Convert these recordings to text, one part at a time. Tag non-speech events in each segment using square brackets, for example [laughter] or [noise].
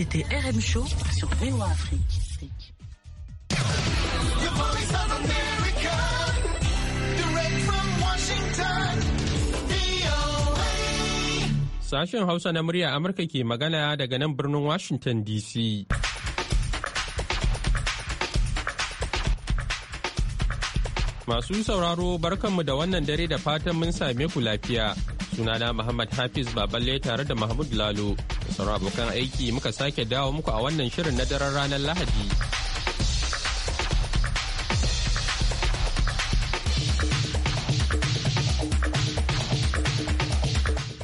C'était RM Show sur VOA Afrique. Sashen Hausa na murya Amurka ke magana daga nan birnin Washington DC. Masu sauraro barkanmu da wannan dare da fatan mun same ku lafiya. sunana Muhammad Hafiz Baballe tare da Mahmud Lalo. Sauran abokan aiki muka sake dawo muku a wannan shirin na daren ranar Lahadi.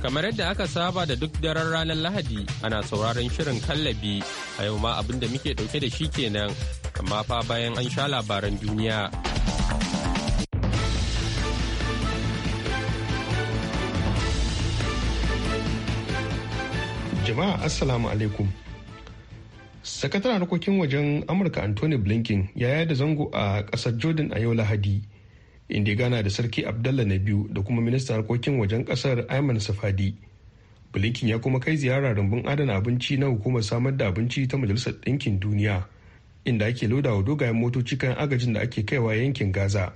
Kamar yadda aka saba da duk daren ranar Lahadi ana sauraron shirin kallabi a yau ma abinda muke dauke da shi kenan amma fa bayan an sha labaran duniya. Jama'a Assalamu alaikum. Sakataren harkokin wajen Amurka Anthony Blinken ya yada zango a ƙasar Jordan a yau Lahadi, inda gana da Sarki Abdallah na biyu da kuma minista harkokin wajen ƙasar Ayman Safadi. Blinken ya kuma kai ziyara rumbun adana abinci na hukumar samar da abinci ta Majalisar Ɗinkin Duniya, inda ake loda wa dogayen motoci kan agajin da ake kaiwa yankin Gaza.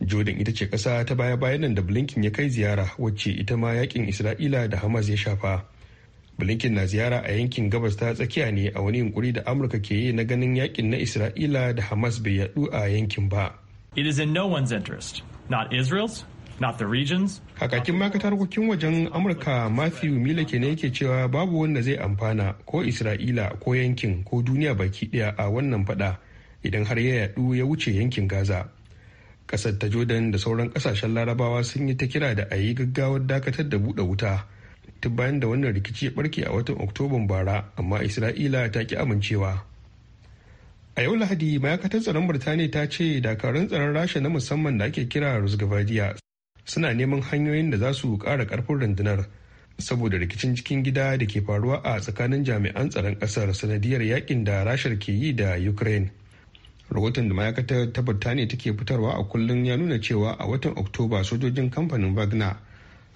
jordan ita ce ƙasa ta baya bayanan da blinken ya kai ziyara wacce ita ma yakin isra'ila da hamas ya shafa blinken na ziyara a yankin gabas ta tsakiya ne a wani yunkuri da amurka ke yi na ganin yakin na isra'ila da hamas bai yadu a yankin ba it is in no one's interest not israel's not the regions kakakin makatar tarkokin wajen amurka matthew miller ke ne yake cewa babu wanda zai amfana ko isra'ila ko yankin ko duniya baki daya a wannan fada idan har ya yadu ya wuce yankin gaza kasar ta jordan da sauran kasashen larabawa sun yi ta kira da a yi gaggawar dakatar da buɗe wuta tun bayan da wannan rikici ya barke a watan oktoban bara amma isra'ila ta ki amincewa a yau lahadi ma'aikatar tsaron birtaniya ta ce dakarun tsaron rasha na musamman da ake kira rusgabadiya suna neman hanyoyin da za su ƙara karfin rundunar saboda rikicin cikin gida da ke faruwa a tsakanin jami'an tsaron ƙasar sanadiyar yakin da rashar ke yi da ukraine rahoton da ma'aikatar ta birtaniya take fitarwa a kullum ya nuna cewa a watan oktoba sojojin kamfanin wagner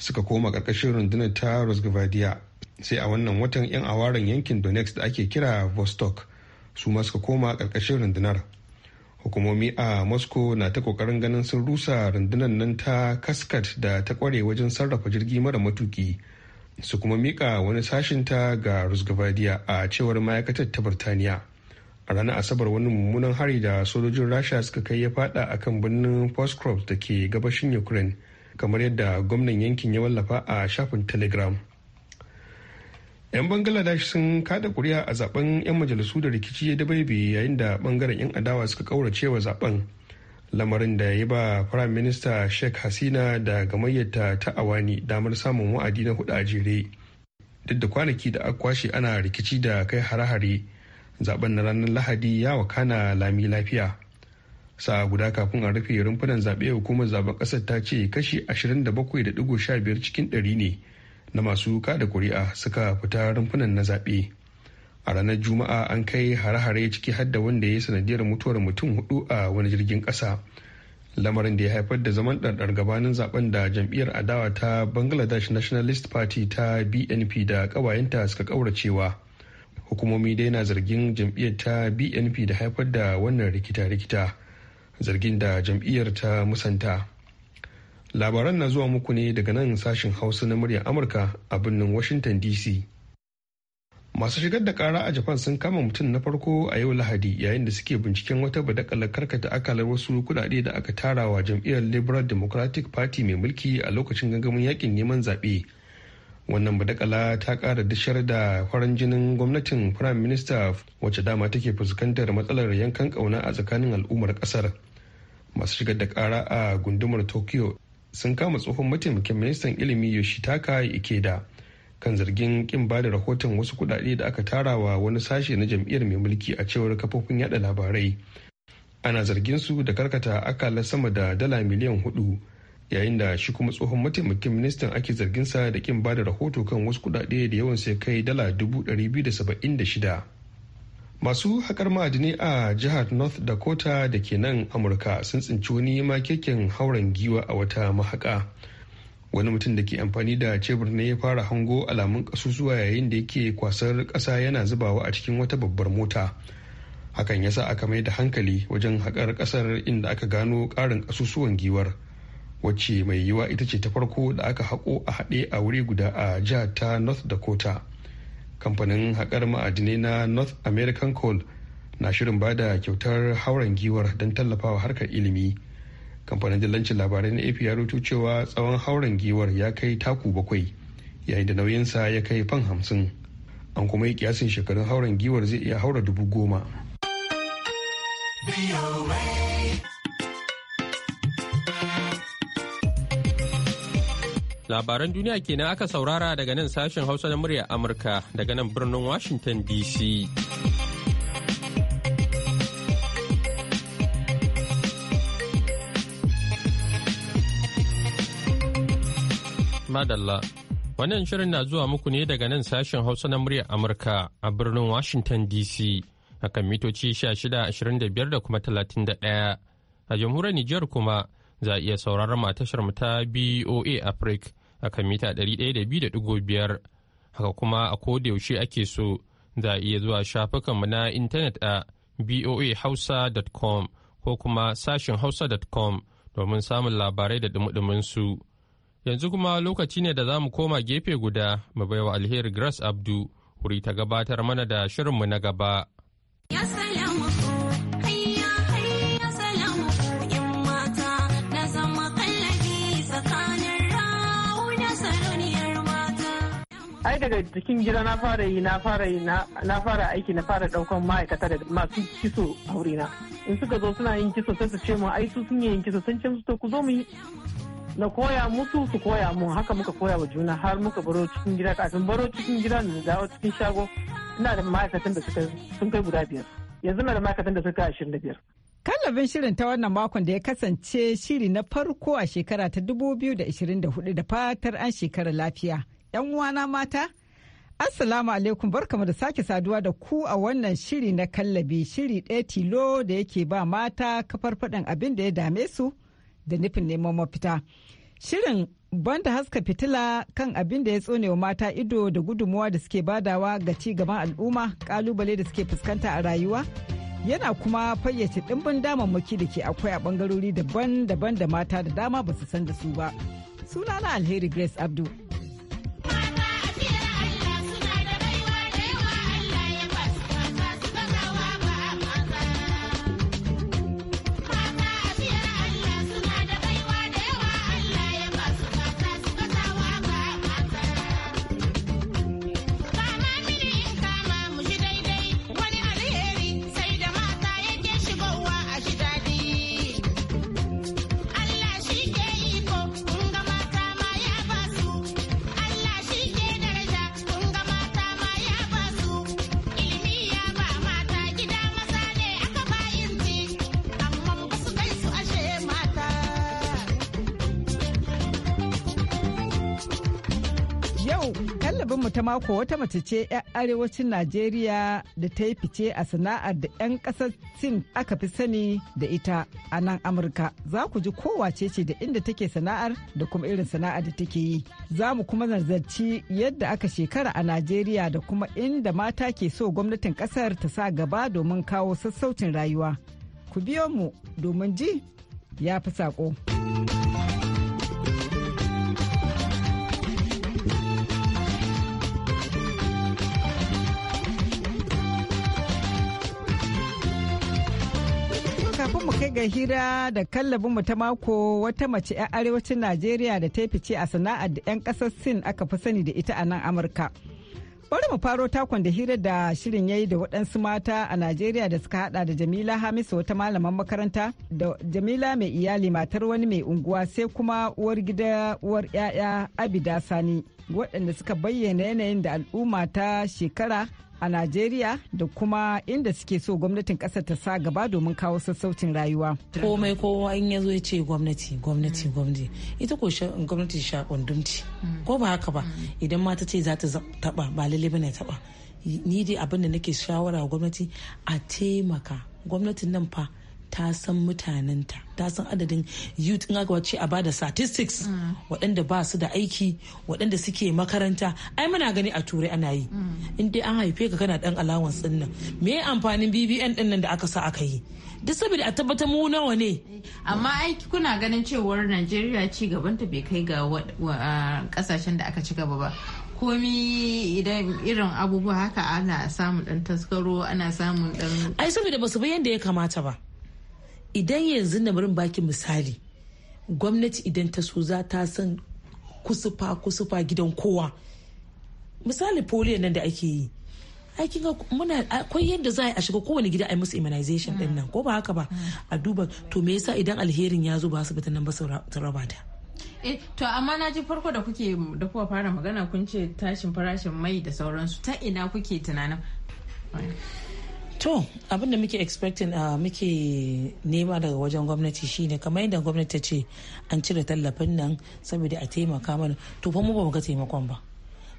suka koma karkashin rundunar ta rosgvadiya sai a wannan watan 'yan awaren yankin donetsk da ake kira vostok su ma suka koma karkashin rundunar hukumomi a moscow na ta kokarin ganin sun rusa rundunar nan ta kaskat da ta kware wajen sarrafa jirgi mara matuki su kuma mika wani ta ga rusgavadiya a cewar ma'aikatar ta birtaniya a ranar asabar wani mummunan hari da sojojin rasha suka kai ya fada a kan birnin postcrops da ke gabashin ukraine kamar yadda gwamnan yankin ya wallafa a shafin telegram 'yan bangaladesh sun kada kuri'a a zaben 'yan majalisu da rikici ya dabaibe yayin da bangaren 'yan adawa suka kaurace wa zaben lamarin da ya ba prime minister sheikh hasina da gamayyata ta awani damar samun wa'adi na hudu a jere duk da kwanaki da aka kwashe ana rikici da kai hare-hare zaben na ranar lahadi ya wakana lami lafiya sa'a guda kafin a rufe rumfunan zaɓe hukumar zaben ƙasar ta ce kashi 27.15 cikin ɗari ne na masu kada kuri'a suka fita rumfunan na zaɓe a ranar juma'a an kai hare-hare ciki hadda wanda ya yi sanadiyar mutuwar mutum hudu a wani jirgin ƙasa lamarin da ya haifar da zaman ɗarɗar gabanin zaben da jam'iyyar adawa ta bangladesh nationalist party ta bnp da ƙawayenta suka ƙauracewa hukumomi dai na zargin jam'iyyar ta bnp da haifar da wannan rikita-rikita zargin da jam'iyyar ta musanta labaran na zuwa muku ne daga nan sashen hausa na muryar amurka a birnin washington dc masu shigar da kara a japan sun kama mutum na farko a yau lahadi yayin da suke binciken wata badakala karkata akalar wasu kudade da aka tara wa jam'iyyar liberal democratic party mai mulki a lokacin gangamin yakin neman zaɓe wannan badakala ta kara dashar da farin jinin gwamnatin prime minister wacce dama take fuskantar matsalar yankan kauna a tsakanin al'ummar kasar masu shigar da kara a gundumar tokyo sun kama tsohon mataimakin ministan ilimi yoshitaka ikeda kan zargin kin ba da rahoton wasu kudade da aka tara wa wani sashe na jam'iyyar mai mulki a cewar kafofin yada labarai ana zargin su da karkata akala sama da dala miliyan hudu yayin da shi kuma tsohon mataimakin ministan ake zargin sa da kin ba da rahoto kan wasu kudade da yawan sai kai dala dubu ɗari biyu da saba'in da shida masu haƙar ma'adini a jihar north dakota da ke nan amurka sun tsinci wani makekin hauren giwa a wata mahaƙa wani mutum da ke amfani da cebur ne ya fara hango alamun ƙasusuwa yayin da yake kwasar ƙasa yana zubawa a cikin wata babbar mota hakan ya sa aka mai da hankali wajen haƙar ƙasar inda aka gano ƙarin ƙasusuwan giwar wacce mai yiwa ita ce ta farko da aka haƙo a haɗe a wuri guda a jihar ta north dakota kamfanin haƙar ma'adinai na north american coal na shirin ba da kyautar hauren giwar don tallafawa harkar ilimi kamfanin dillancin labarai na ap rutu cewa tsawon hauren giwar ya kai taku bakwai yayin da nauyinsa ya kai fan hamsin an kuma yi kiyasin shekarun hauren giwar zai iya haura dubu goma. Labaran duniya kenan aka saurara daga nan sashen Hausa na muryar Amurka daga nan birnin Washington DC. Madalla. Wannan shirin na zuwa muku ne daga nan sashen Hausa na muryar Amurka a birnin Washington DC a kan mitoci 1625 da kuma 31. A jamhuriyar Nijar kuma za a iya sauraron matashar ta BOA Africa a kan mita 102.5 haka kuma a kodayaushe ake so za a iya zuwa shafukanmu na intanet a boahausa.com ko kuma sashen hausa.com domin samun labarai da dumudumin Yanzu kuma lokaci ne da za mu koma gefe guda mu baiwa alheri Grace Abdu wuri ta gabatar mana da shirinmu na gaba. Yes, daga cikin gida na fara yi na fara yi na fara aiki na fara daukan ma'aikata da masu kiso a wurina in suka zo suna yin kiso sai su ce mu ai su sun yi yin kiso sun ce musu to ku zo mu yi na koya musu su koya mu haka muka koya wa juna har muka baro cikin gida kafin baro cikin gida da dawo cikin shago ina da ma'aikatan da suka sun kai guda biyar yanzu na da ma'aikatan da suka ashirin da biyar Kallabin shirin ta wannan makon da ya kasance shiri na farko a shekara ta 2024 da fatar an shekara lafiya. 'yan uwana mata Assalamu alaikum barkamu da sake saduwa da ku a wannan shiri na kallabi shiri ɗaya tilo da yake ba mata kafar faɗin abin da ya dame su da nufin neman mafita. Shirin banda haska fitila kan abin da ya wa mata ido da gudunmuwa da suke badawa ga ci gaban al'umma kalubale da suke fuskanta a rayuwa yana kuma fayyace ɗimbin damammaki da ke akwai a bangarori daban-daban da mata da dama ba su san da su ba. Sunana Alheri Grace Abdu. Kallabinmu ta mako wata mace ce 'yan arewacin Najeriya da ta yi fice a sana'ar da 'yan ƙasar Sin aka fi sani da ita a nan Amurka. Za ku ji kowace ce da inda take sana'ar da kuma irin sana'ar da take yi. Za mu kuma nazarci yadda aka shekara a Najeriya da kuma inda mata ke so gwamnatin ƙasar ta sa gaba domin kawo sassaucin rayuwa. Ku biyo mu domin ji ya fi saƙo. mu kai ga hira da kallabin mu ta mako wata mace 'yan arewacin Najeriya da ta fice a sana'ar da 'yan kasar Sin aka fi sani da ita a nan Amurka. Bari mu faro takon da hira da shirin yayi da waɗansu mata a Najeriya da suka hada da Jamila Hamisu wata malaman makaranta da Jamila mai iyali matar wani mai unguwa sai kuma uwar gida uwar 'ya'ya Abida Sani waɗanda suka bayyana yanayin da al'umma ta shekara a Najeriya da kuma inda suke so gwamnatin ƙasar ta sa gaba domin kawo sassaucin rayuwa. Komai kowa in ya zo ya ce gwamnati gwamnati gwamnati ita ko gwamnati sha kundumci ko ba haka ba idan ma ta ce za ta taɓa ba lalle bane taɓa ni dai abin da nake shawara gwamnati a taimaka gwamnatin nan fa ta san mutanenta ta san adadin youth in aka wace a bada statistics waɗanda ba su da aiki waɗanda suke makaranta ai muna gani a turai ana yi in dai an haife ka kana dan alawan din me me amfanin bbn din nan da aka sa aka yi duk saboda a tabbatar mu nawa ne amma aiki kuna ganin cewar najeriya ci ta bai kai ga kasashen da aka ci gaba ba komi idan irin abubuwa haka ana samun dan taskaro ana samun dan ai saboda ba su bi yadda ya kamata ba idan yanzu na barin baki misali gwamnati idan ta so za ta san kusufa kusufa gidan kowa misali polio nan da ake yi aikin muna akwai yadda za a shiga kowane gida a musu immunization din nan ko ba haka ba a duba to me yasa idan alherin ya zo ba su nan ba su raba ta eh, to amma na ji farko da kuke da kuka fara magana kun ce tashin farashin mai da sauransu ta ina kuke tunanin To abinda muke expecting a ah, muke nema daga wajen gwamnati shine kamar yadda gwamnati ce an cire tallafin nan saboda a taimaka mana to fa mu ba mu ga taimakon ba.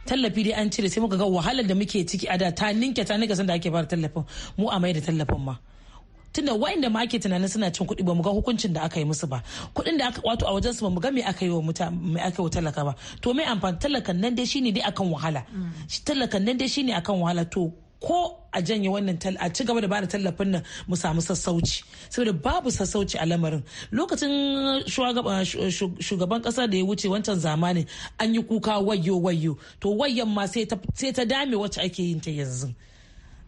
tallafi dai an cire sai muka ga wahalar da muke ciki a da ta ninke ta ninke sanda ake fara tallafin mu a mai da tallafin ma tunda wa'inda ma ake tunanin suna cin kuɗi ba mu ga hukuncin da aka yi musu ba kuɗin da aka wato a wajen su ba mu ga me aka yi wa me aka yi wa talaka ba to me amfani talakan nan dai shine dai akan wahala mm. talakan nan dai shine akan wahala to ko a janye wannan a ci gaba da bada tallafin nan mu samu sassauci saboda babu sassauci a lamarin lokacin shugaban kasa da ya wuce wancan zamanin an yi kuka wayo wayo to wayan ma sai ta dame wacce ake yin ta yanzu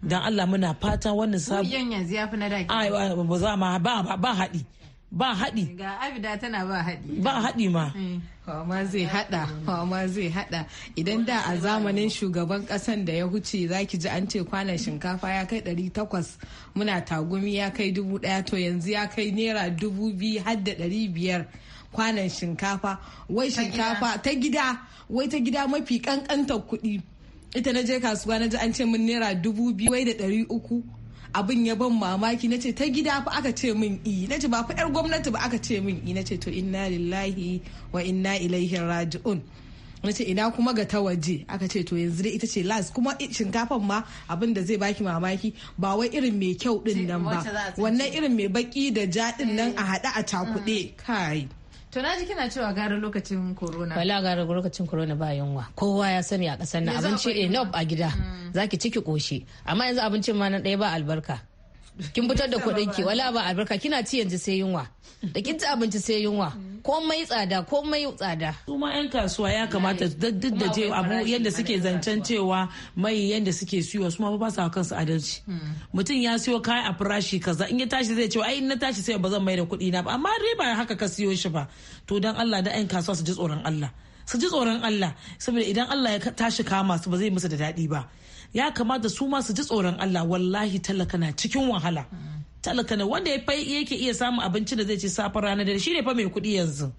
dan Allah muna fata wannan sabu yanzu ya fi na da ba za ma ba haɗi ba haɗi ga abida tana ba haɗi ba haɗi ma eh, ma zai hada ma zai hada idan da a zamanin shugaban kasan da ya huce za ki ji an ce kwanan shinkafa ya kai 800 muna tagumi ya kai 1000 to yanzu ya kai naira 2000 har da 500 kwanan shinkafa wai shinkafa ta gida wai ta gida mafi kankantar kuɗi ita na je kasuwa na ji an ce min naira biyu wai da uku. abin ya ban mamaki na ce ta gida fa aka ce min i na ce ba fa yar gwamnati ba aka ce min i na ce to inna lillahi wa inna ilaihi raji'un na ce ina kuma ga ta waje aka ce to yanzu dai ita ce las kuma shinkafan ma abin da zai baki mamaki ba wai irin mai kyau din nan ba wannan irin mai baki da ja din nan a haɗe a cakuɗe mm. kai To na ji kina cewa gara lokacin corona. Wala gara lokacin corona ba yunwa. Kowa ya sani a ƙasar nan abinci enough a gida. Mm. Zaki ciki koshi. Amma yanzu abincin ma na ɗaya ba albarka. kin fitar da kuɗin ki wala ba albarka kina ci yanzu sai yunwa da kin ci abinci sai yunwa komai tsada komai tsada su ma yan kasuwa ya kamata duk da je abu yadda suke zancen cewa mai yadda suke siyo su ma ba sa kansu adalci mutum ya siyo kaya a farashi kaza in ya tashi zai ce ai in na tashi sai ba zan mai da kuɗi na ba amma riba haka ka siyo shi ba to dan Allah da yan kasuwa su ji tsoron Allah su ji tsoron Allah saboda idan Allah ya tashi kama su ba zai musu da daɗi ba ya kamata su ma su ji tsoron Allah wallahi talaka na cikin wahala talaka na wanda ya yake iya samun abinci da zai ci safar ranar da shi ne fa mai kuɗi yanzu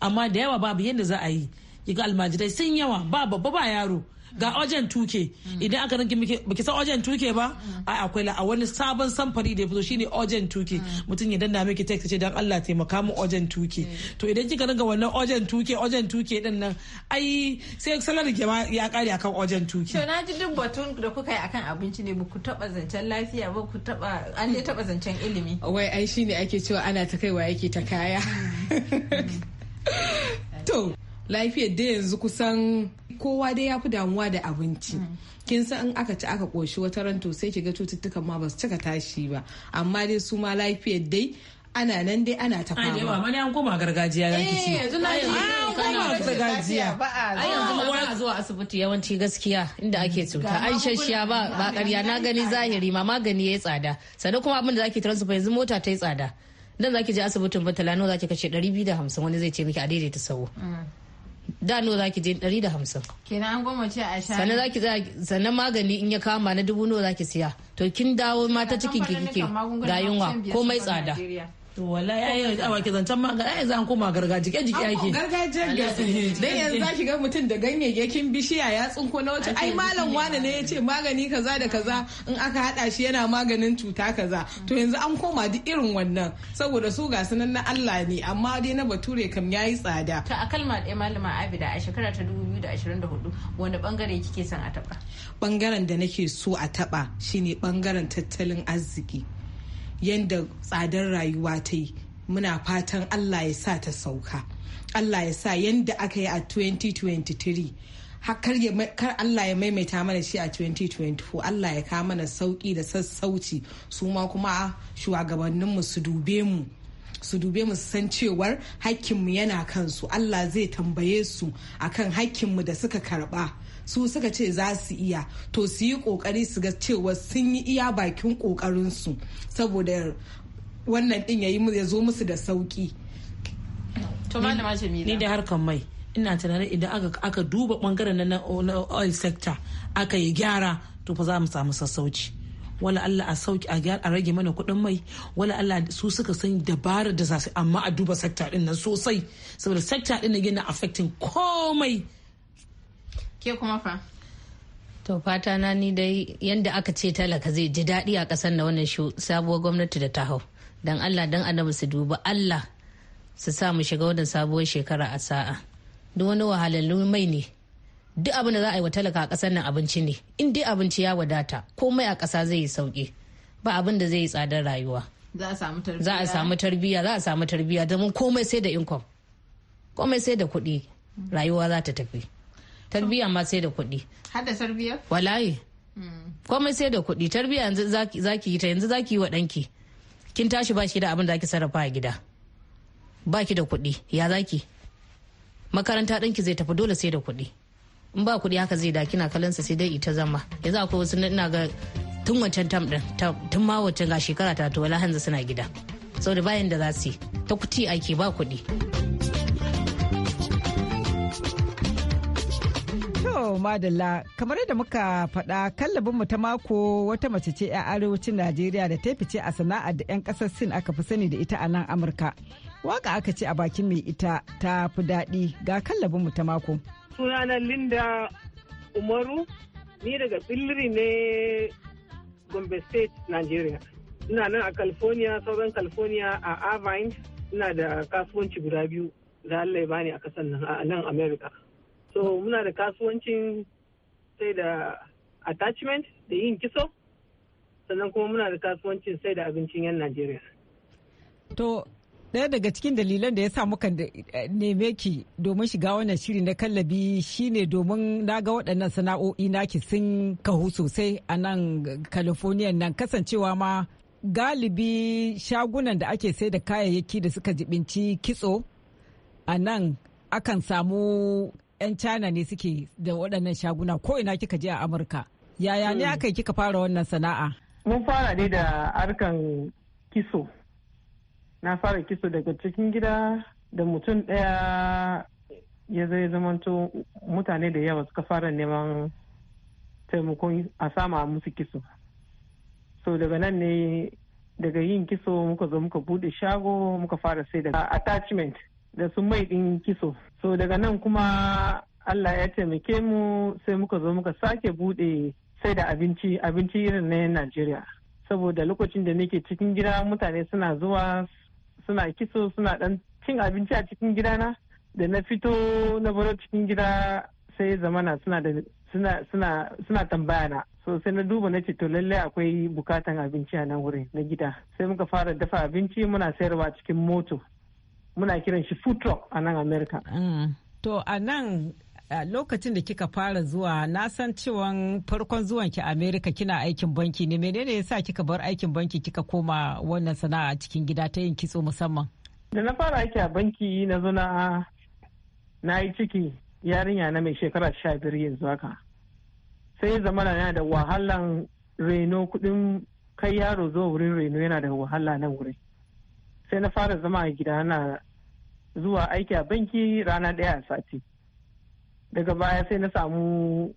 amma da yawa babu yadda za a yi ga almajirai sun yawa ba babba ba yaro ga ojen tuke idan aka ranke baki san ojen tuke ba ai akwai la a wani sabon samfari da ya fito shine ojen tuke mutum ya danna miki text ce dan Allah taimaka mu ojen tuke to idan kika ringa wannan ojen tuke ojen tuke din nan ai sai salar salari ya kare akan ojen tuke to na ji duk batun da kuka yi akan abinci ne ku taba zancen lafiya ba ku taba an ne taba zancen ilimi wai ai shine ake cewa ana ta kaiwa yake ta kaya mm. [laughs] to lafiyar da yanzu kusan kowa dai ya fi damuwa da abinci mm. kin san in aka ci aka koshi wata ran to sai kiga cututtukan ma ba su cika tashi ba amma dai su ma lafiyar dai ana nan dai ana ta fama. Ajewa mani an koma gargajiya zan ki Eh yanzu na an koma gargajiya. A yanzu ma ba zuwa asibiti yawanci gaskiya inda ake cuta. An shashiya ba ba ƙarya na gani zahiri ma magani yayi tsada. Sannan kuma abin da zaki transfer yanzu mota ta yi tsada. Dan zaki je asibitin ba zaki kashe 250 wani zai ce miki a daidaita sawo. da nawa zaki je ɗari da hamsin. kenan an goma ce a sha sannan sannan magani in ya kama na dubu nawa zaki siya to kin dawo mata cikin ki kike ga yunwa komai tsada to wala ya yi ki zancan ma ga ai zan koma gargajiya ke jiki yake gargajiyar gaske dan yanzu zaki ga mutum da ganyayyakin bishiya ya tsinko na wace ai malam wani ne ya ce magani kaza da kaza in aka hada shi yana maganin cuta kaza to yanzu an koma duk irin wannan saboda su ga sunan na Allah ne amma dai na bature kam yayi tsada to a kalma ɗaya malama Abida a shekara ta 2024 wani bangare kike son a taba bangaren da nake so a taba shine bangaren tattalin arziki yadda tsadar rayuwa ta yi muna fatan allah ya sa ta sauka allah ya sa yadda aka yi a 2023 kar Allah ya maimaita mana shi a 2024 Allah ya kawo mana sauki da sassauci su ma kuma shugabanninmu su dube mu su dube mu san cewar hakkinmu yana kansu Allah zai tambaye su akan hakkinmu da suka karba su suka ce za su iya to su yi kokari su ga cewa sun yi iya bakin kokarinsu saboda wannan din ya zo musu da sauki ni da harkan mai ina tunanin idan aka duba bangaren na oil sector aka yi gyara to fa za mu samu sassauci wala Allah a sauki a gyara a rage mana kuɗin mai wala Allah su suka san dabarar da za su amma a duba sector din nan sosai saboda sector din na yana affecting komai ke kuma fa to fata na ni dai yanda aka ce talaka zai ji daɗi a ƙasar na wannan sabuwar gwamnati da ta hau don allah don annabi su duba allah su sa mu shiga wannan sabuwar shekara a sa'a duk wani wahalallu mai ne duk abin da za a yi wa talaka a ƙasar nan abinci ne in dai abinci ya wadata komai a ƙasa zai yi sauƙi ba abin da zai yi tsadar rayuwa za a samu tarbiyya za a samu tarbiyya domin komai sai da inkom komai sai da kuɗi rayuwa za ta tafi tarbiya ma sai da kuɗi hada tarbiya Walaye. Hmm. komai sai da kuɗi tarbiya yanzu za ki yi ta yanzu ki yi wa ɗanki kin tashi ba shi da abin da ake sarrafa a gida ba ki da kuɗi ya zaki makaranta ɗanki zai tafi dole sai da kuɗi in ba kuɗi haka zai da kina kalansa sai dai ita zama yanzu akwai wasu ina ga tun wancan tam ɗin tun ma wancan ga shekara ta to wala hanzu suna gida saboda bayan da za su yi ta kuti ake ba kuɗi. madalla kamar yadda muka faɗa kallabinmu ta mako wata mace ce 'yan arewacin Najeriya da ta fice a sana'ar da 'yan ƙasar Sin aka fi sani da ita a nan Amurka. Waka aka ce a bakin mai ita ta fi daɗi ga kallabinmu ta mako. Sunana Linda Umaru ni daga Billiri ne Gombe State, Nigeria. Ina nan a California, sauran California a Irvine, ina da kasuwanci guda biyu da Allah ya bani a kasan nan a nan America. so muna da kasuwancin sai da attachment da yin kiso sannan kuma muna da kasuwancin sai da abincin 'yan najeriya to ɗaya daga cikin dalilan da ya sa muka eh, neme ki domin shiga wannan shiri na kallabi shine domin na ga waɗannan sana'o'i naki sun kahu sosai a nan california nan kasancewa ma galibi shagunan da ake sai da kayayyaki da suka jibinci kitso a nan akan samu 'yan china ne suke da waɗannan shaguna ko ina kika je a amurka yaya ne hmm. aka yi kika fara wannan sana'a mun fara ne da harkan kiso na fara kiso daga cikin gida da mutum ɗaya ya zai zamanto mutane da yawa suka fara neman taimakon a sama musu kiso so daga nan ne daga yin kiso muka zo muka bude shago muka fara sai da attachment da su mai ɗin kitso so daga nan kuma allah ya taimake mu sai muka zo muka sake buɗe sai da abinci abinci irin na najeriya saboda lokacin da nake cikin gida mutane suna zuwa suna kitso suna ɗan cin abinci a cikin gidana da na fito na baro cikin gida sai zamana suna da suna suna suna tambaya na so sai na duba na ce to lalle akwai bukatan abinci a nan wurin na gida sai muka fara dafa abinci muna sayarwa cikin moto muna kiran shi food truck a nan america mm. to a nan lokacin da kika fara zuwa na san cewa farkon zuwan ki america kina aikin banki ne menene yasa kika bar aikin banki kika koma wannan sana'a cikin gida ta yin kitso musamman da na fara aiki a banki na zo na yi ciki yarinya na mai shekara sha biyar yanzu haka sai zamana yana da wahalan reno kudin kai yaro zuwa wurin reno yana da wahala nan wurin sai na fara zama a gida na zuwa aiki a banki rana ɗaya a sati daga baya sai na samu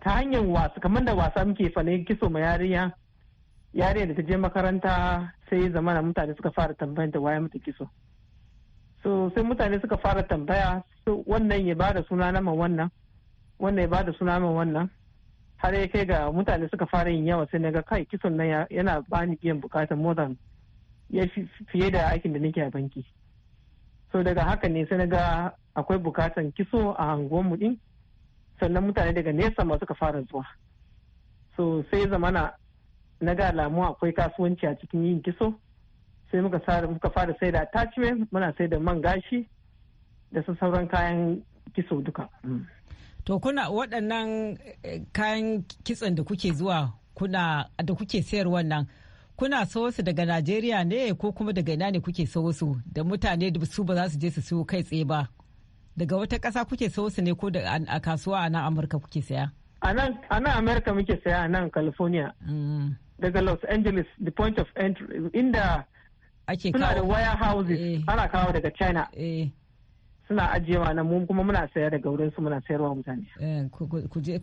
ta hanyar wasu kamar da wasa muke fane kiso ma yarinya yariya da ta je makaranta sai na mutane suka fara tambayar da waya mata kiso so sai mutane suka fara tambaya so wannan ya bada suna na wannan wannan ya bada suna ma wannan har ya kai ga mutane suka fara yin yawa sai na ga kai kisan nan yana bani biyan bukatar more than ya fiye da aikin da nake a banki so daga haka ne sai ga akwai bukatan kiso a mu din sannan mutane daga nesa ma suka fara zuwa so sai zamana na ga alamu akwai kasuwanci a cikin yin kiso sai muka fara sai da attachment muna sai da man gashi da su sauran kayan kiso duka mm. to kuna waɗannan eh, kayan kitson da kuke zuwa kuna da kuke sayar wannan kuna so su daga Najeriya ne ko kuma daga ina ne kuke so su da mutane da su ba za su je su siyo kai tsaye ba. Daga wata ƙasa kuke so su ne ko da a kasuwa a nan Amurka kuke saya? A nan Amurka muke saya a nan California. Mm. Daga Los Angeles, the point of entry, inda ake suna da warehouses eh. ana kawo daga China. Eh. suna ajiyewa nan mun kuma muna saya daga wurin su muna sayarwa mutane. Eh,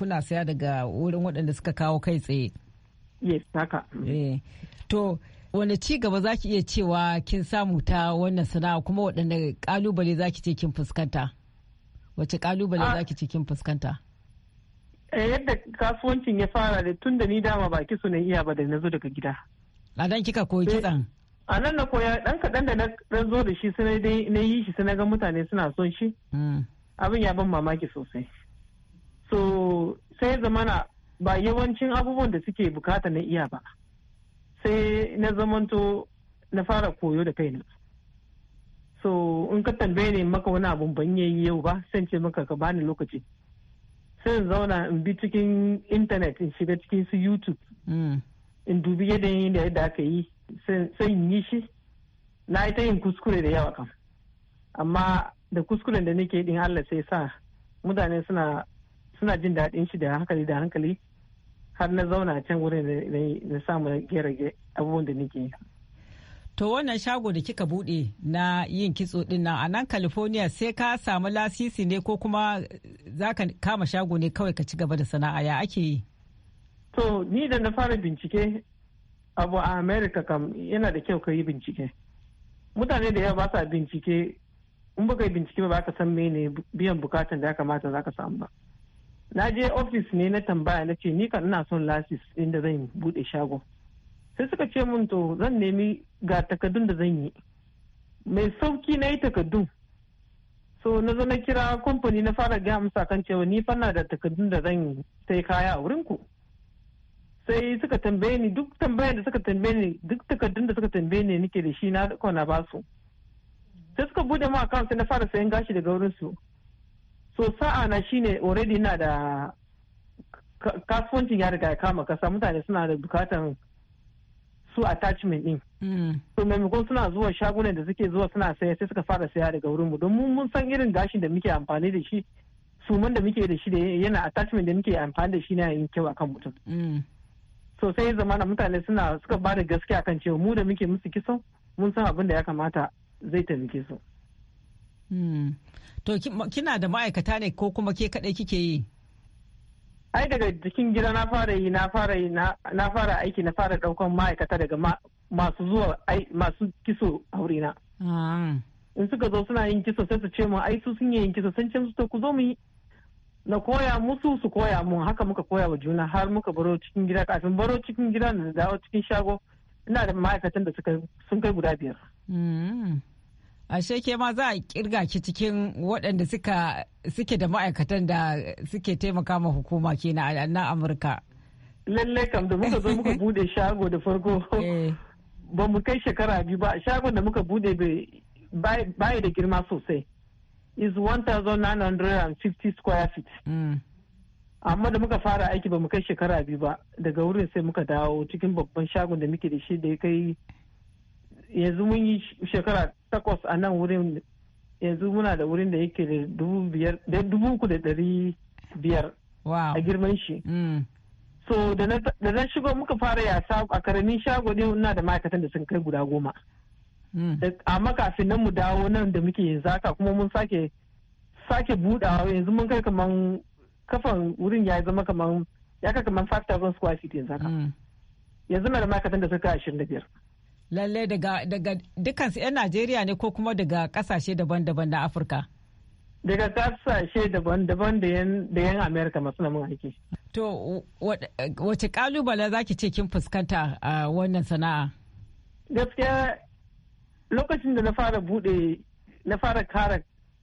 kuna saya daga wurin waɗanda suka kawo kai tsaye. yes haka eh, to wani ci gaba za ki iya cewa kin samu ta wannan sana'a kuma waɗanda kalubale za ki ce kin fuskanta wace kalubale za ki ce kin fuskanta eh, yadda kasuwancin ya fara da tun da ni dama ba kisu na iya ba da na zo daga gida a nan kika koyi eh, kitsan a nan na koya dan kaɗan da na zo da shi sai dai na yi shi sai na ga mutane suna son shi hmm. abin ya ban mamaki sosai so sai zamana ba yawancin abubuwan da suke bukata na iya ba sai na zamanto na fara koyo da kaina so in ka tambaye ne maka wani abun ban yi yau ba sai ce maka ka bani lokaci sai in zauna in bi cikin intanet in shiga cikin su youtube mm. in dubi yadda yadda aka yi sai in yi shi na yi ta yin kuskure da yawa kam amma da kuskuren da nake din allah sai sa mutane suna jin daɗin shi da hankali da hankali har na zauna can wurin da samu gera abubuwan da nake To wannan shago da kika bude na yin kitso din nan a nan California sai ka samu lasisi ne ko kuma za ka kama shago ne kawai ka ci gaba da sana'a ya ake yi? To ni da na fara bincike abu a America kam yana da kyau ka yi bincike. Mutane da yawa ba sa bincike in baka yi bincike ba ka san mene biyan bukatan da ya kamata za ka samu ba. na je ofis ne na tambaya na ce ni kan ina son lasis inda zan bude shago. sai suka ce mun to zan nemi ga takardun da zan yi mai sauki na yi takardun so na zo na kira kamfani na fara gaya musu kan cewa ni fanna da takardun da zan sai kaya a wurinku sai suka tambaye ni duk tambayar da suka tambaye ni duk takardun da suka tambaye ni nake da shi na kwana ba su sai suka bude mu akawun sai na fara sayan gashi daga wurin su so sa'a na shine already na da kasuwancin ya riga ya kama kasa mutane suna da bukatan su attachment din mm. so maimakon suna zuwa shagunan da suke zuwa suna saya sai suka fara saya daga wurin mu don mun san irin gashin da muke amfani da shi suman da muke da shi da yana attachment da muke amfani da shi na yin kyau akan mutum mm. so sai zamana mutane suna suka ba da gaskiya kan cewa mu da muke musu kisan mun san abin da ya kamata zai taimake su Hmm. To kina da ma'aikata ne ko kuma ke kaɗai kike yi? Ai daga jikin gida na fara yi na fara aiki na fara ɗaukan ma'aikata daga masu zuwa masu kiso aurena. Ah. In suka zo suna yin kiso sai su ce mu ai su sun yi yin kiso sun ce su ku zo mu yi. Na koya musu su koya mun haka muka koya wa juna har muka baro cikin gida kafin baro cikin gida na dawo cikin shago ina da ma'aikatan da sun kai guda biyar. Hmm. ashe ke ma za a kirga ki cikin waɗanda suka suke da ma'aikatan da suke taimaka ma hukuma ke na amurka lallai kam da muka zo muka [laughs] bude shago da farko eh. ba mu kai shekara biyu ba shagon da muka bude baya da girma sosai is 1950 square feet mm. amma da muka fara aiki ba mu kai shekara biyu ba daga wurin sai muka dawo cikin babban shagon da muke da shi da ya kai yanzu mun yi shekara takwas a nan wurin yanzu muna da wurin da yake da dubu uku da dari biyar a girman shi mm. so da na shigo muka fara yasa a karamin shago ne na da ma'aikatan da sun kai guda goma mm. amma kafin nan mu dawo nan da muke yanzu haka kuma mun sake sake budawa yanzu mun kai kaman kafan wurin ya zama kaman ya kai kaman 5000 square feet yanzu haka mm. yanzu na da ma'aikatan da suka ashirin da biyar Lallai daga, daga su 'yan Najeriya ne ko kuma daga kasashe daban-daban na Afirka? Daga kasashe daban-daban da 'yan Amerika masu namun aiki. To, wace kalubale za ki ce kin fuskanta a wannan sana'a? Gaskiya lokacin da na fara bude, na fara kara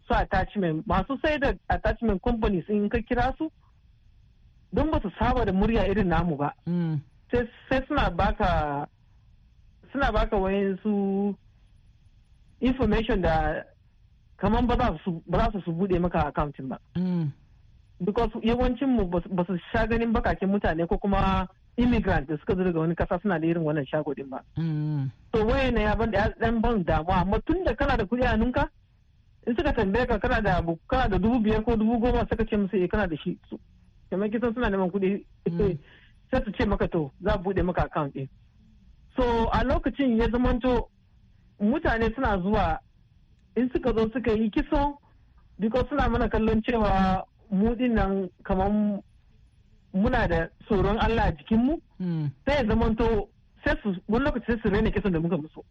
su attachment masu sai da attachment companies in ka kira su don ba su saba da murya irin namu ba. Mm. Sai suna baka suna baka wayansu information da kamar ba za su bude maka accountin ba. Mm. Because yawancin mu ba su sha ganin bakakin mutane ko kuma immigrant da suka zo daga wani kasa suna da irin wannan shago ba. Mm. So na ya ban da dan ban damuwa amma tun da kana da kuɗi a nunka in suka tambaye ka kana da abu kana da dubu biyar ko dubu goma suka ce musu eh, kana da shi. Kamar kisan suna neman kuɗi mm. sai su ce maka to za a bude maka account ɗin. to a lokacin ya zamanto mutane suna zuwa in suka zo suka yi kiso biko suna mana kallon cewa mu nan kamar muna da tsoron Allah a jikinmu hmm. sai ya zamanto sai su wani lokaci sai su raina kisan da muka muso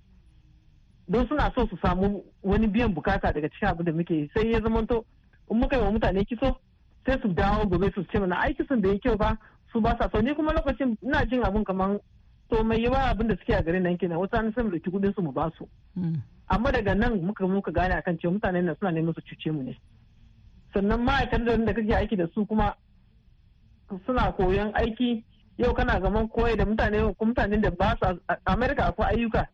don suna so su samu wani biyan bukata daga cikin abin da muke yi sai ya zamanto in muka yi wa mutane kiso sai su dawo gobe su ce mana ai da ya kyau ba su ba sa sau ni kuma lokacin ina jin abin kamar to mai ba abin da suke a garin nan kenan wasu an san dauki kudin su mu ba su hmm. amma daga nan muka muka gane akan cewa mutanen nan suna neman su cuce mu ne sannan ma'aikatan da da kake aiki da su kuma suna koyon aiki yau kana zaman koyi da mutane ko mutanen da ba su America akwai ayyuka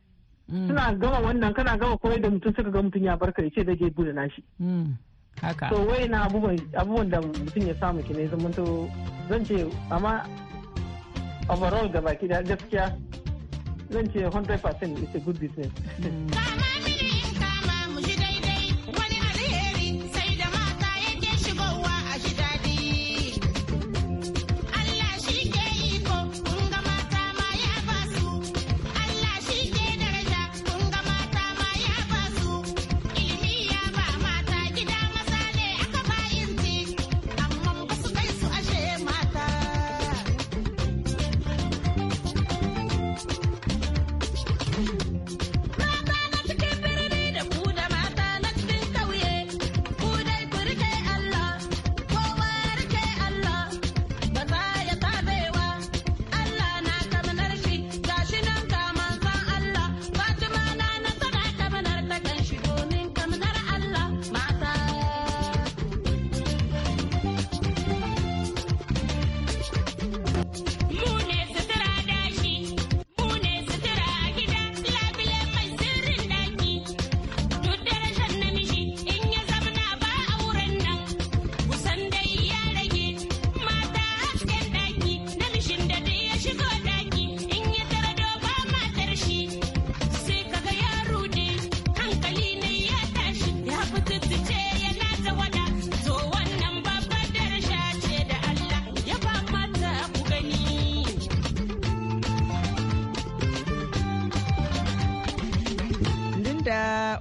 hmm. suna gama wannan kana gama koyi da mutum suka ga mutum ya barka ya ce da je bude nashi hmm. haka to wai na abubuwan da mutum ya samu kine ne zan ce amma overall ga baki da gaskiya zan ce 100% is a good business hmm.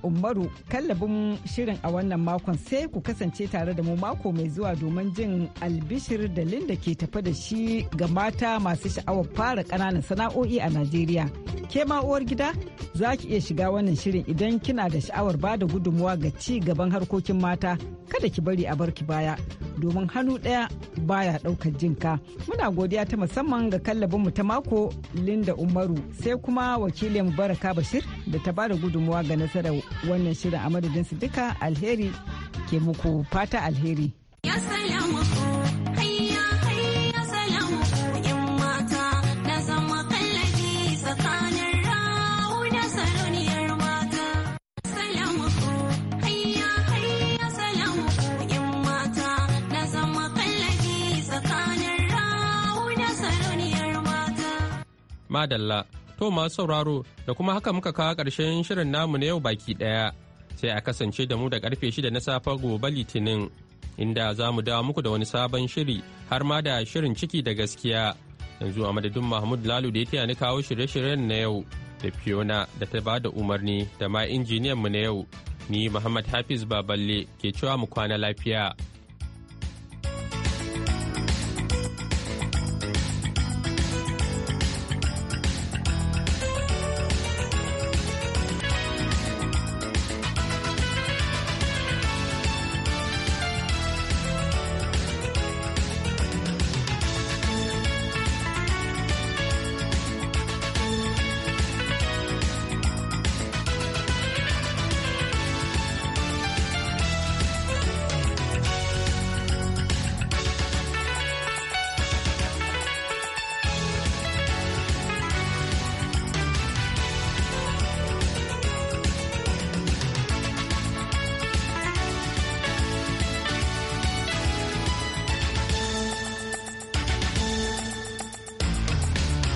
Umaru kallabin shirin a wannan makon sai ku kasance tare da mu mako mai zuwa domin jin albishir da Linda ke tafi da shi ga mata masu sha'awar fara ƙananan sana'o'i a Najeriya. ke ma uwar gida za ki iya shiga wannan shirin idan kina da sha'awar ba da gudunmuwa ga ci gaban harkokin mata kada ki bari a barki baya domin hannu ɗaya baya ɗaukar jinka muna godiya ta musamman ga kallabinmu ta mako linda umaru sai kuma wakilin baraka bashir da ta ba da gudunmuwa ga nasarar wannan shirin a madadin su duka alheri ke muku fata alheri. Madalla, to masu sauraro da kuma haka muka kawo ƙarshen shirin namu na yau baki ɗaya. Sai a kasance da mu da karfe shida na safe gobe Litinin, inda za mu dawo muku da wani sabon shiri har ma da shirin ciki da gaskiya. Yanzu a madadin Mahmud Lalu da ya taya ni kawo shirye-shiryen na yau da Fiona da ta ba da umarni da ma injiniyan mu na yau. Ni Muhammad Hafiz Baballe ke cewa mu kwana lafiya.